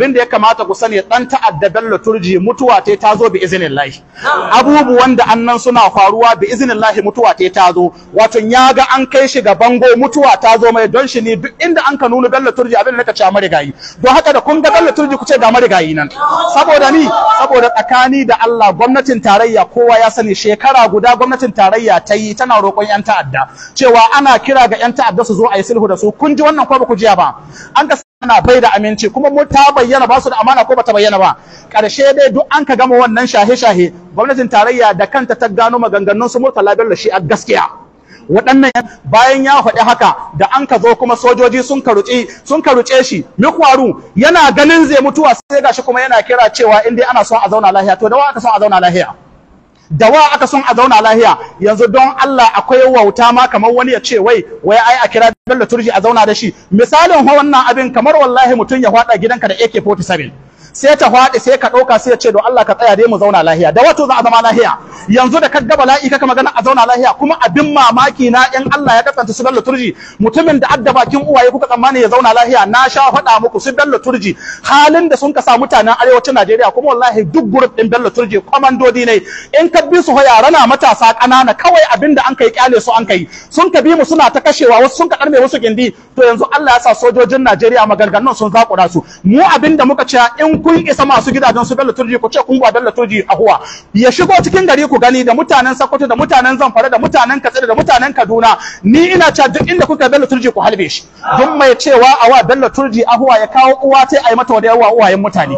abin da ya kamata ku sani dan ta'adda bello turji mutuwa te ta zo bi iznillahi abubuwan da annan suna faruwa bi iznillahi mutuwa te ta zo wato ya ga an kai shi ga bango mutuwa ta zo mai don shi ne duk inda an ka nuna bello turji abin da naka cewa marigayi don haka da kun ga dalla turji ku ce ga marigayi nan saboda ni saboda tsakani da Allah gwamnatin tarayya kowa ya sani shekara guda gwamnatin tarayya ta yi tana roƙon yan ta'adda cewa ana kira ga yan ta'adda su zo a yi sulhu da su kun ji wannan ko ba ku jiya ba an Ana bai da aminci kuma mu ta bayyana ba su da amana ko bata bayyana ba karshe dai duk an ka gama wannan shahe shahe gwamnatin tarayya da kanta ta gano maganganun su Murtala Bello shi a gaskiya waɗannan bayan ya faɗi haka da an ka zo kuma sojoji sun karuce sun karuce shi mikwaru yana ganin zai mutuwa sai gashi kuma yana kira cewa in dai ana son a zauna lahiya to da wa aka son a zauna lahiya da wa aka son a zauna lahiya yanzu don Allah akwai wauta ma kamar wani ya ce wai wai ai a kira dalla Turji a zauna da shi misalin wannan abin kamar wallahi mutum ya faɗa gidanka da AK47 sai ta faɗi sai ka ɗauka sai ya ce don Allah ka tsaya dai mu zauna lahiya da wato za a zama lahiya yanzu da kaga bala'i kaka magana a zauna lahiya kuma abin mamaki na in Allah ya kasance su dalla turji mutumin da adda bakin uwaye kuka tsammani ya zauna lahiya na sha faɗa muku su dalla turji halin da sun ka sa mutanen arewacin Najeriya kuma wallahi duk gurup din dalla turji komandodi ne in ka bi su yara na matasa ƙanana kawai abin da an kai kyale su an kai sun ka bi mu suna ta kashewa wasu sun ka karme wasu gindi to yanzu Allah ya sa sojojin Najeriya maganganun sun zakura su mu abin da muka ce in kun isa masu gidajen su Bello Turji ku ce kun ba Bello Turji ahuwa ya shigo cikin gari ku gani da mutanen Sokoto da mutanen Zamfara da mutanen Katsina da mutanen Kaduna ni ina cewa duk inda kuka Bello Turji ku halbe shi duk mai cewa a wa Bello Turji ahuwa ya kawo uwa ta ai mata wadai uwa uwayen mutane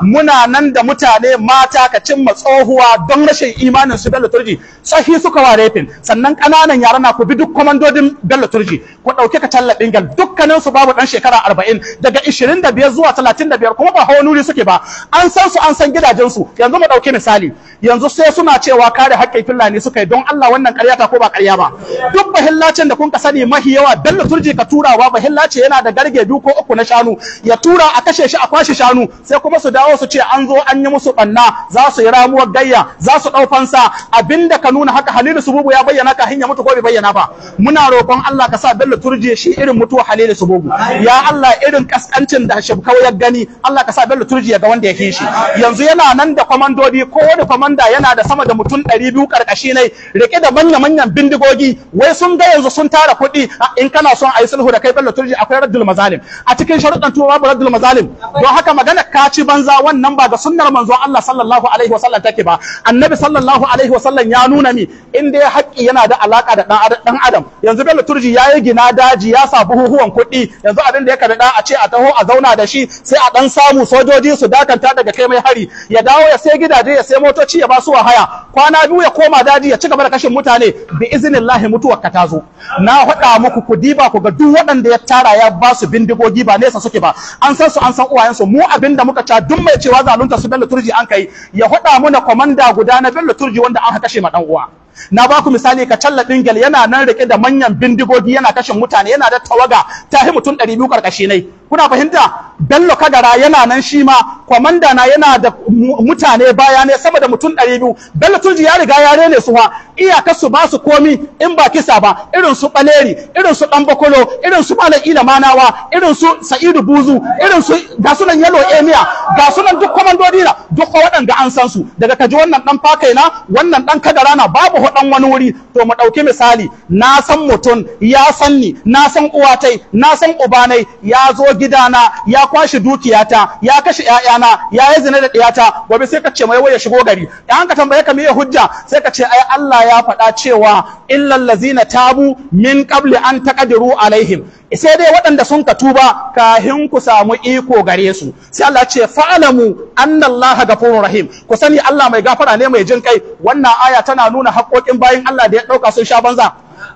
muna nan da mutane mata ka cimma tsohuwa don rashin imanin su Bello Turji sahi suka ware fin sannan kananan yara na ku bi duk komandodin Bello Turji ku dauke ka tallabin gal dukkanin su babu dan shekara 40 daga 25 zuwa 35 kuma ba hawo nuri suke ba an san su an san gidajen su yanzu mu ɗauki misali yanzu sai suna cewa kare haƙƙin fulani suka yi don Allah wannan ƙarya ta ko ba ƙarya ba duk bahillacin da kun ka sani mahi yawa dalla turji ka turawa bahillace yana da garge biyu ko uku na shanu ya tura a kashe shi a kwashe shanu sai kuma su dawo su ce an zo an yi musu banna za su yi ramuwar gayya za su dau fansa abinda ka nuna haka Halilu Subugu ya bayyana ka hinya mutu ko bai bayyana ba muna roƙon Allah ka sa bello turji shi irin mutuwa Halilu Subugu ya Allah irin kaskancin da shabkau ya gani Allah ka sa bello sojoji ya ga wanda ya shi yanzu yana nan da kwamandodi da kwamanda yana da sama da mutum ɗari biyu karkashi ne riƙe da manya manyan bindigogi wai sun ga yanzu sun tara kuɗi in kana son a yi sulhu da kai bello turji akwai raddul mazalim a cikin sharuɗan tuwa babu raddul mazalim don haka magana kaci banza wannan ba ga sunnar manzo Allah sallallahu alaihi wasallam take ba annabi sallallahu alaihi wasallam ya nuna mi in dai haƙƙi yana da alaka da dan adam yanzu bello turji ya yi gina daji ya sa buhuhuwan kuɗi yanzu abin da ya kada a ce a taho a zauna da shi sai a dan samu sojoji kudi su dakanta daga kai mai hari ya dawo ya sai gidaje ya sai motoci ya ba su wahaya kwana biyu ya koma daji ya ci gaba da kashin mutane bi iznillahi mutuwar ka tazo na faɗa muku ku diba ku ga duk waɗanda ya tara ya ba su bindigogi ba nesa suke ba an san su an san uwayen su mu abinda muka ca duk mai cewa zalunta su Bello Turji an kai ya faɗa muna komanda guda na Bello Turji wanda an kashe ma dan uwa na ba ku misali ka challa dingel yana nan rike da manyan bindigogi yana kashe mutane yana da tawaga ta hi mutum 200 karkashi ne kuna fahimta bello kagara yana nan shi ma kwamanda na yana da mutane baya ne sama da mutum ɗari biyu bello turji ya riga ya rene su fa iyaka su ba su komi in ba kisa ba irin su baleri irin su dan bakolo irin su malam ila manawa irin su sa'idu buzu irin su ga sunan yalo emia ga sunan duk kwamandodi na duk waɗanda an san su daga kaji wannan ɗan fakai na wannan ɗan kagara na babu hudan wani wuri to mu ɗauki misali na san mutum ya sanni, ni na san uwatai na san ubanai ya zo gidana ya kwashi dukiyata ya kashe ƴaƴana ya yi zina da ɗiyata gobe sai ka ce mai ya shigo gari in ka tambaye ka meye hujja sai ka ce ai Allah ya faɗa cewa illal lazina tabu min qabli an taqdiru alaihim sai dai waɗanda sun ka tuba kahin ku samu iko gare su sai Allah ce anna Allah gafurur rahim ku sani Allah mai gafara ne mai jin kai wannan aya tana nuna haƙoƙin bayin Allah da ya ɗauka sun sha banza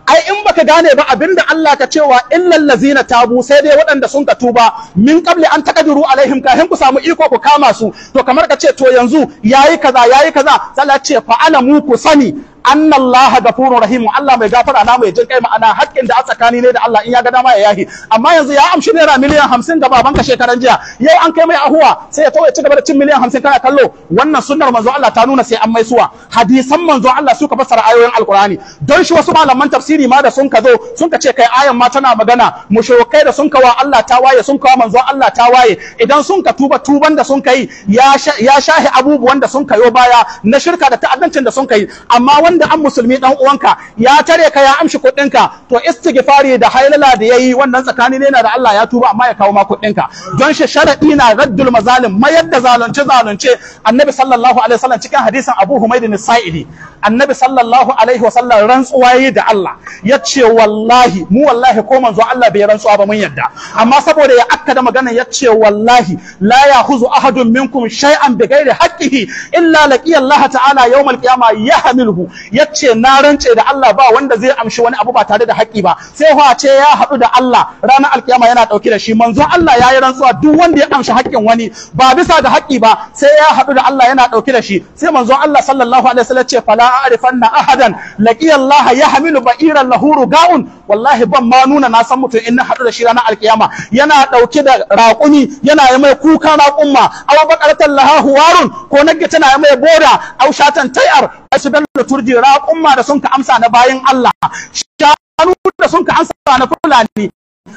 ai in baka gane ba abinda Allah ka cewa illal lazina tabu sai dai waɗanda sun ka tuba min qabli an taqdiru alaihim kayan ku samu iko ku kama su to kamar ka ce to yanzu yayi kaza yayi kaza sai ce fa alamu ku sani anna Allah furu rahim Allah mai gafara na mai jin kai ma'ana haƙƙin da a tsakani ne da Allah in ya ga dama ya yahi amma yanzu ya amshi naira miliyan hamsin ga ka shekaran jiya yau an kai mai ahuwa sai ya tawaye ci gaba da cin miliyan hamsin kana kallo wannan sunnar manzo Allah ta nuna sai an mai suwa hadisan manzo Allah suka fassara ayoyin alkurani don shi wasu malaman tafsiri ma da sun ka zo sun ka ce kai ayan ma tana magana mushrikai da sun wa Allah ta waye sun wa manzo Allah ta waye idan sun ka tuba tuban da sun ka yi, ya shahi abubuwan da sun yo baya na shirka da ta'addancin da sun yi amma wanda an musulmi dan uwanka ya tare ka ya amshi kuɗinka to istighfari da hailala da yayi wannan tsakani ne na da Allah ya tuba amma ya kawo ma kuɗinka don shi sharadi na raddul mazalim mayar da zalunce zalunce annabi sallallahu alaihi wasallam cikin hadisin Abu humaid bin Sa'idi annabi sallallahu alaihi wasallam rantsuwa yi da Allah ya ce wallahi mu wallahi ko manzo Allah bai rantsuwa ba mun yadda amma saboda ya akkada magana ya ce wallahi la yahuzu ahadun minkum shay'an bi ghairi haqqihi illa laqiya Allah ta'ala al qiyama yahmiluhu ya ce na rance da Allah ba wanda zai amshi wani abu ba tare da haƙƙi ba sai fa ce ya haɗu da Allah ranar alkiyama yana dauke da shi manzo Allah ya yi rantsuwa duk wanda ya amshi haƙƙin wani ba bisa ga haƙƙi ba sai ya hadu da Allah yana ɗauke da shi sai manzo Allah sallallahu alaihi wasallam ce fala a'rifanna ahadan laqiya Allah yahmilu ba'iran lahu ga'un. wallahi ban ma nuna na san mutum in na hadu da shi ranar alkiyama yana dauke da raƙumi yana yi mai kuka raƙumma aw baqaratan laha huwarun ko nagge tana yi mai boda aw shatan tayar asbal turji raƙumma da sun ka amsa na bayin Allah shanu da sun ka amsa na fulani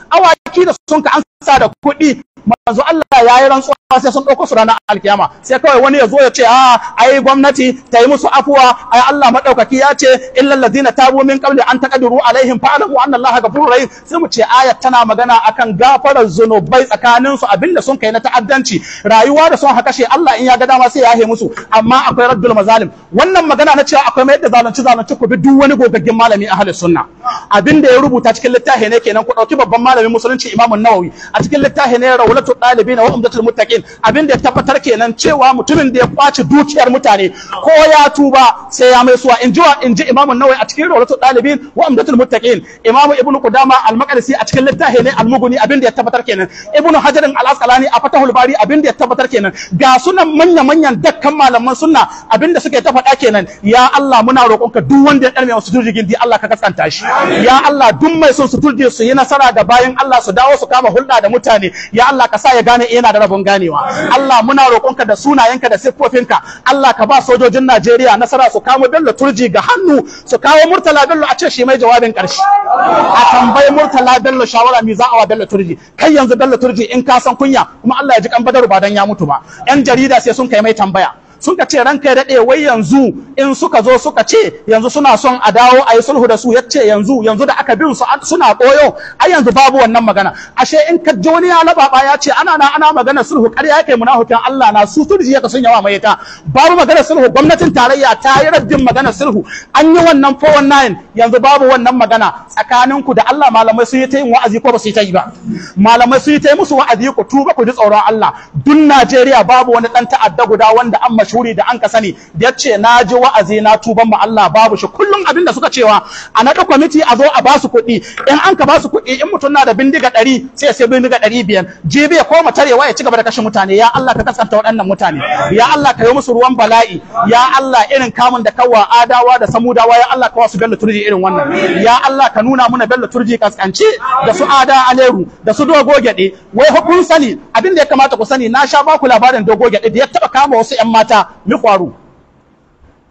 awaki da sun ka da kuɗi manzo Allah ya yi rantsuwa sai sun ɗauko su ranar alkiyama sai kawai wani ya zo ya ce a ah, yi gwamnati ta yi musu afuwa yi Allah maɗaukaki ya ce illal ta bu min qabli an taqdiru alaihim fa'lamu anna Allah ghafurur rahim sai mu ce ayat tana magana a kan gafarar zunubai tsakanin su da sun kai na ta'addanci rayuwa da sun haka shi Allah in ya ga dama sai ya yahe musu amma akwai raddul mazalim wannan magana na cewa akwai mai da zalunci zalunci ku bi duk wani gogaggin malami ahli sunna abinda ya rubuta cikin littafi ne kenan ku ɗauki babban malamin musulunci Imam Nawawi a cikin littafi ne ya qulatu dalibina wa umdatul muttaqin abin da tabbatar kenan cewa mutumin da ya kwaci dukiyar mutane ko ya tuba sai ya mai suwa inji inji Imam Nawawi a cikin rawlatul dalibin wa umdatul muttaqin Imam ibnu Qudama al-Maqdisi a cikin littafi ne al-Mughni abin da ya tabbatar kenan ibnu Hajar al-Asqalani a Fatahul Bari abin da ya tabbatar kenan ga sunan manya-manyan dakkan malaman sunna abin da suke ta kenan ya Allah muna ka duk wanda ya ɗan mai wasu turjigin Allah ka kaskanta shi ya Allah duk mai son su su yi nasara da bayan Allah su dawo su kama hulɗa da mutane ya Allah Allah ka sa ya gane eh, yana da rabon ganewa Allah muna roƙonka da sunayenka da siffofinka Allah ka ba sojojin Najeriya nasara su kamo Bello Turji ga hannu su kawo Murtala Bello a ce shi mai jawabin ƙarshe a tambayi Murtala Bello shawara mi za a wa Bello Turji kai yanzu Bello Turji in ka san kunya kuma Allah ya ji kan Badaru ba dan ya mutu ba yan jarida sai sun kai mai tambaya suka ce ranka ya daɗe wai yanzu in suka zo suka ce yanzu suna son a dawo a yi sulhu da su ya ce yanzu yanzu da aka bin su suna ɓoyo ai yanzu babu wannan magana ashe in ka ji wani ya laba ya ce ana na ana magana sulhu ƙarya yake munafukan Allah na su turji ya sun yawa mai ta babu magana sulhu gwamnatin tarayya ta yi raddin magana sulhu an yi wannan 419 yanzu babu wannan magana tsakaninku da Allah malamai sun yi ta yin wa'azi ko ba su yi ta yi ba malamai sun yi ta yi musu wa'azi ku tuba ku ji tsoron Allah Dun Najeriya babu wani ɗan ta'adda guda wanda an mashi mashuri da an ka sani da yace na ji wa'azi na tuban ma Allah babu shi kullum abin da suka cewa a naɗa kwamiti a zo a ba su kuɗi in an ka ba su kuɗi in mutum na da bindiga ɗari sai sai bindiga ɗari biyar jibi ya koma tarewa ya ci gaba da kashe mutane ya Allah ka kasanta waɗannan mutane ya Allah ka yi musu ruwan bala'i ya Allah irin kamun da kawwa adawa da samudawa ya Allah ka wasu bello turji irin wannan ya Allah ka nuna muna bello turji kaskance da su ada aleru da su dogo gyaɗe wai hukun sani abin da ya kamata ku sani na sha baku labarin dogo gyaɗe da ya taɓa kama wasu 'yan mata mi kwaru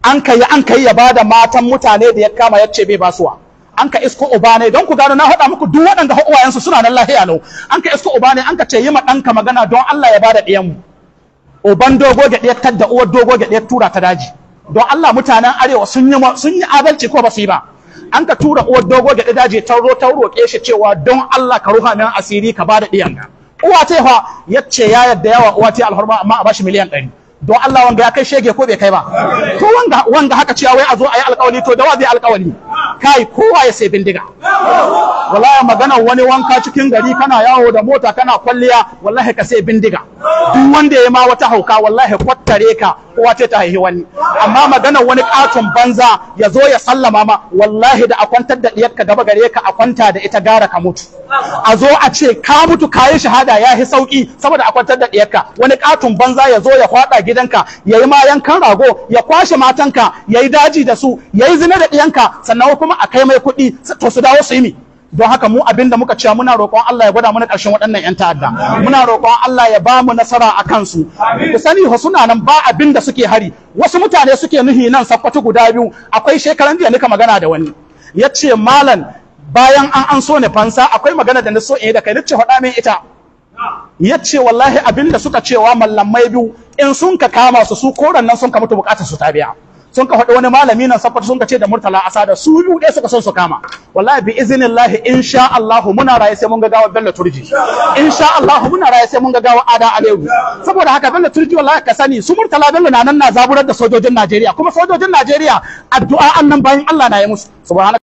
an ka yi an ka yi ya bada matan mutane da ya kama ya ce bai basuwa an ka isko uba ne don ku gano na haɗa muku duk waɗanda uwayensu suna nan lahiya lau an ka isko uba ne an ka ce yi ma ɗanka magana don Allah ya bada ɗiyan mu uban dogo gyaɗe ya tadda uwar dogo gyaɗe ya tura ta daji don Allah mutanen arewa sun yi sun adalci ko ba su yi ba an ka tura uwar dogo gyaɗe daji ta roƙe shi cewa don Allah ka ruha nan asiri ka bada ɗiyan uwa ce fa ce ya yadda yawa uwa ce alhurma amma a bashi miliyan ɗari. don Allah wanga ya kai shege ko bai kai ba to wanga haka cewa wai a zo a yi alƙawari to da wa zai alƙawari kai kowa ya sai bindiga wallahi magana wani wanka cikin gari kana yawo da mota kana kwalliya wallahi ka sai bindiga duk wanda ya ma wata hauka wallahi kwattare ka kowa ce ta haihi wani amma magana wani katon banza ya zo ya sallama ma wallahi da a kwantar da ɗiyarka gaba gare ka a kwanta da ita gara ka mutu a zo a ce ka mutu ka yi shahada ya yi sauki saboda akwantar kwantar da ɗiyarka. wani katon banza ya zo ya kwada gidanka ya yi ma yankan rago ya kwashe matanka ya yi daji da su ya yi zina da diyanka sannan kuma kuma a kai mai kuɗi to su dawo su yi mi don haka mu abin da muka cewa muna roƙon Allah ya gwada mana ƙarshen waɗannan ƴan ta'adda muna roƙon Allah ya ba mu nasara a kansu ku sani ho suna nan ba abin da suke hari wasu mutane suke nuhi nan sakkwato guda biyu akwai shekaran jiya nika magana da wani ya ce malam bayan an an so ne fansa akwai magana da na so in yi da kai nace faɗa min ita ya ce wallahi abin da suka cewa mallamai biyu in sun ka kama su su koran nan sun ka mutu bukatar su ta biya sun ka faɗi wani malami nan saboda sun ka ce da murtala asada su biyu ɗaya suka son su kama wallahi bi izinillahi insha Allah muna raye sai mun ga gawa Bello Turji insha Allah muna raye sai mun ga gawa Ada Alewu saboda haka Bello Turji wallahi ka sani su murtala Bello na nan na zaburar da sojojin Najeriya kuma sojojin Najeriya addu'a annan bayan Allah na yi musu subhanaka